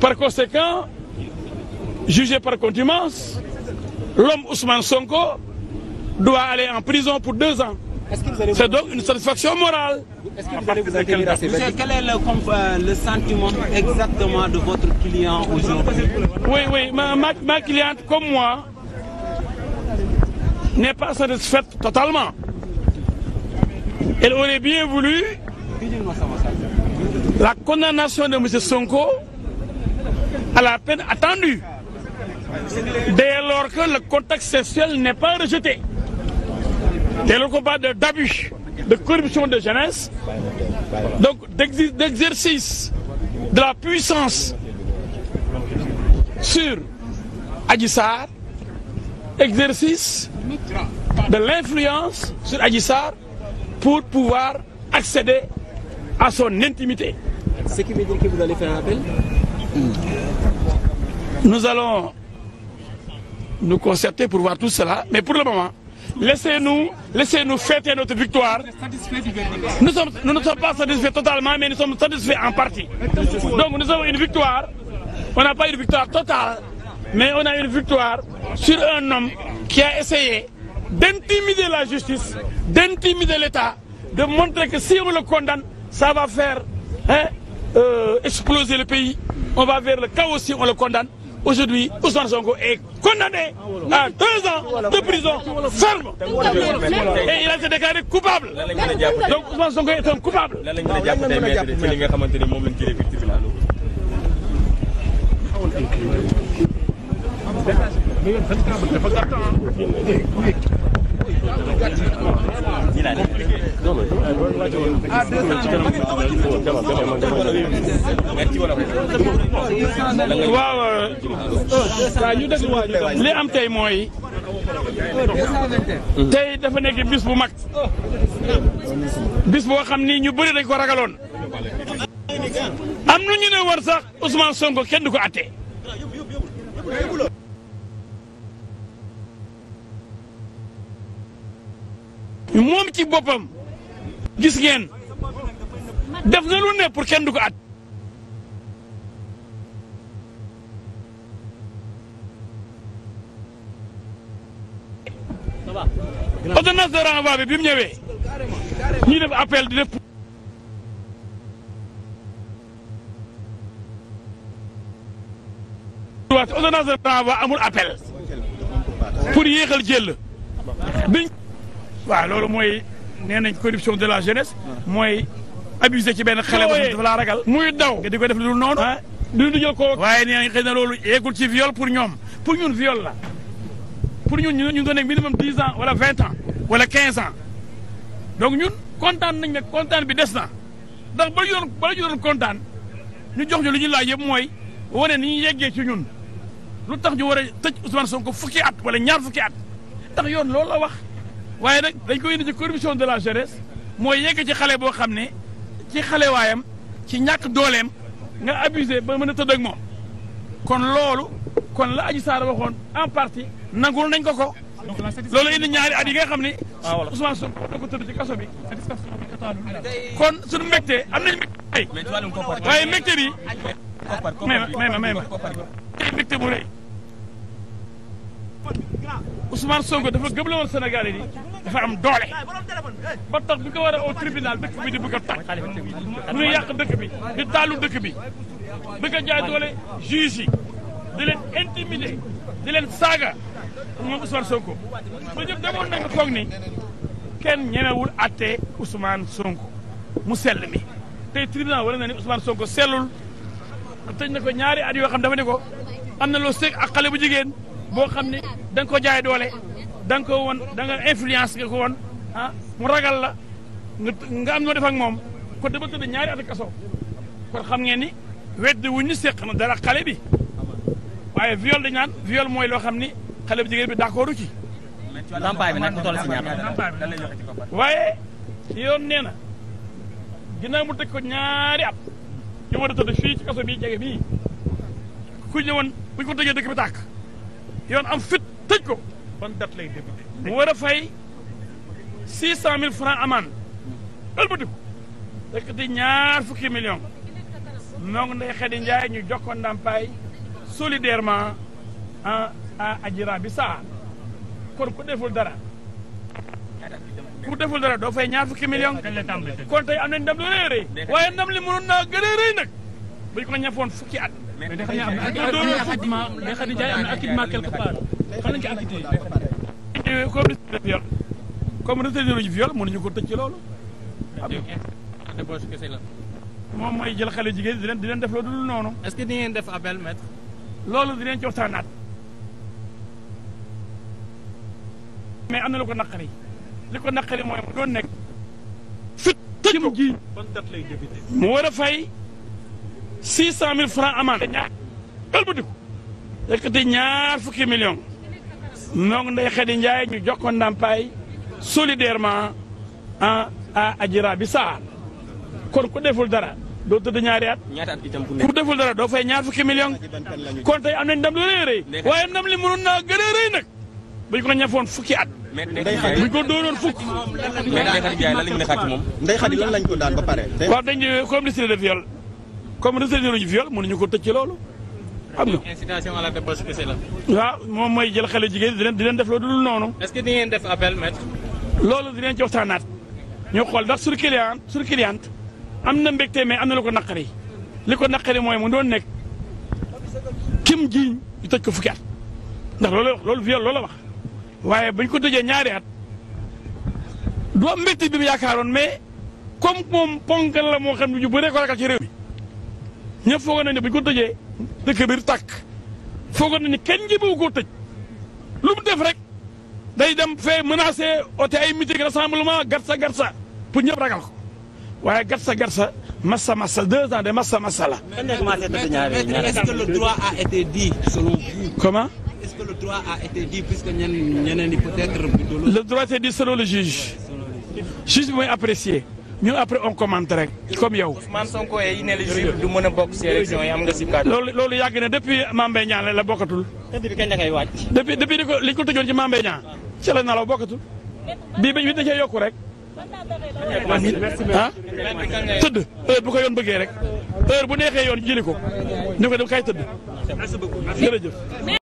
Par conséquent, jugé par contumace, l'homme Ousmane Sonko doit aller en prison pour deux ans. C'est -ce donc une satisfaction morale. le, euh, le, exactement de votre client aujourd'hui Oui, oui, ma, ma, comme moi, n'est pas satisfaite totalement. Elle aurait bien voulu la condamnation de M. Sonko à la peine attendue, dès lors que le contact sexuel n'est pas rejeté. Dès lors de corruption de jeunesse, donc d'exercice de la puissance sur Adjissar, exercice de l'influence sur Adjissar pour pouvoir accéder à son intimité. Nous allons nous concerter pour voir tout cela, mais pour le moment, laissez-nous laissez-nous fêter notre victoire. Nous, ne sommes pas satisfaits totalement, mais nous sommes satisfaits en partie. Donc nous avons une victoire. On n'a pas une victoire totale, mais on a une victoire sur un homme qui a essayé d'intimider la justice, d'intimider l'État, de montrer que si on le condamne, ça va faire euh, exploser le pays. on va vers le chaos si on le condamne. Aujourd'hui, Ousmane Sonko est condamné à deux ans de prison ferme. Et il a été déclaré coupable. Donc Ousmane Sonko est un coupable. waaw waaw ñu déglu li am tey mooy tey dafa nekk bis bu mag bis boo xam ni ñu bëri dañ ko ragaloon am nu ñu ne war sax Ousmane Sonko kenn du ko moom ci boppam gis ngeen def na lu ne pour kenn du ko at ordonnance de renvoi bi bi mu ñëwee ñuy def appel di def waat ordonnance jël biñ waaw loolu mooy nee nañ corruption de la jeunesse. mooy abusé ci benn xale. boo dafa laa ragal muy daw. nga di ko def lu dul noonu. Ah. du du jël ko waaye nee nañ xëy na loolu yeegul ci viol pour ñoom pour ñun viol la pour ñun ñu ñu doon nekk minimum dix ans wala vingt ans wala quinze ans donc ñun kontaan nañ ne kontaan bi des na ndax ba ñu doon kontaan ñu jox ñu lu ñu laaj yëpp mooy wane ni ñu yeggee ci ñun lu tax ñu war a tëj Ousmane Sonko fukki at wala ñaar fukki at ndax yoon loolu la wax. waaye nag dañ ko indi ci corruption de la jeunesse mooy yegg ci xale boo xam ne ci xale waayam ci ñàkk doolem nga abusé ba mën a tëdd ak moom kon loolu kon la Adji Sarr waxoon en parti nangul nañ ko ko loolu indi ñaari at yi nga xam ne ah, Ousmane Sonko ko tëdd ci kaso bi kon suñu mbégte am nañ mbégte waaye mbégte bi may ma may ma may ma mbégte bu rëy Ousmane Sonko dafa gëm la woon Sénégal yi dafa am doole ba tax bi ko war a au tribunal dëkk bi di bëgg a dëkk bi di taalu dëkk bi bëgg a jaay doole juge yi di leen intimider di leen saaga moom Ousmane Sonko ba ñëpp demoon na nga ni kenn ñemewul àttee Ousmane Sonko mu sell mi tey tribunal wala na ni Ousmane Sonko sellul tëj na ko ñaari at yoo xam dafa ne ko am na loo seeg ak xale bu jigéen boo xam ne danga nga ko jaay doole da ko woon da nga influence ko woon ah mu ragal la nga am noo def ak moom ko dafa tëdd ñaari at kaso kon xam ngeen ni wedd wu ñu seq na dara xale bi waaye viol dañu naan viol mooy loo xam ni xale bu jigéen bi d'accordu ci. ndàmpaay bi nag mu toll si ñaata waaye yoon nee na ginnaaw mu teg ko ñaari at yu war a tëdd fii ci kaso bi jege bii ku ñëwoon bu ñu ko tëjee dëkk bi tàkk. yoon am fit tëj ko ban date lay mu war a fay six cent mille franc amende ëlbatiku rek di ñaar fukki million noog Ndeye Khady ñu jox ko ndàmpaay solidairement en bi saa kon ku deful dara ku deful dara doo fay ñaar fukki million kon tey am nañ ndam lu rëy a rëy waaye ndam li mënoon naa gën a rëy nag buñ ñafoon fukki at mais da nga am na acquittement quelque part fan lañ ci acquitté eh, comme viol comme retraité nañu viol mënuñu ko tëj ci loolu moom mooy jël xale jigéen leen di leen def loo dul noonu est que ngeen def appel maître loolu di leen ci waxtaanaat mais am na lu ko naqari li ko naqari mooy mu doon nekk fit tëj ko mu war a fay six cent mille francs amende ëlbatiku yëkkati ñaar fukki million noog Ndeye Khady Ndiaye ñu jox ndàmpaay solidairement en à Adjira bi kon ku deful dara doo tëdd ñaari at ku deful dara doo fay ñaar fukki million kon tey am nañ ndam lu rëy rëy waaye ndam li mënoon naa gën a rëy nag buñ ko ñafoon fukki at buñ ko dóoroon fukk Ndeye Khady Ndiaye lan lañ mën a xaati moom daan ba pare waaw dañ complice de comme retenir ñu viol mënuñu ko tëj ci loolu. am na incitation à la débauche kese moom mooy jël xale jigéen di di leen def loolu dul noonu. est-ce que di ngeen def appel maître. loolu dinañ ci waxtaanaat ñu xool ndax sur client sur client am na mbégte mais am na lu ko naqari li ko naqari mooy mu doon nekk kim jiiñ ji tëj ko fukki at ndax loolu loolu viol loolu wax waaye bañ ko tëjee ñaari at du am mbégte bi mu yaakaaroon mais comme kom ponkal la moo xam ne ñu bëree ko ragal ci réew ñëpp foogoon nañ ne bu ñu ko tëjee dëkk biir tàkk foogoon nañ ne kenn njëbbu koo tëj lu mu def rek day dem fee menacé oote ay meeting rassemblement gatsa gatsa pour ñëpp ragal ko waaye gatsa gatsa massa massa deux ans de massa massa la. est-ce que le droit a été dit selon vous. comment. est-ce bi mooy apprécié. ñun après on commente rek comme yow. Ousmane Sonko yi ne la juif du loolu yàgg na depuis Mame Mbaye la bokkatul. depuis depuis li ko li ko tëjoon ci Mame Mbaye ci la nalaw bokkatul bii ba ñu da cee yokku rek. ah tëdd heure bu ko yoon bëggee rek heure bu neexee yoon jëli ko ñu ko def kay tëdd. jërëjëf.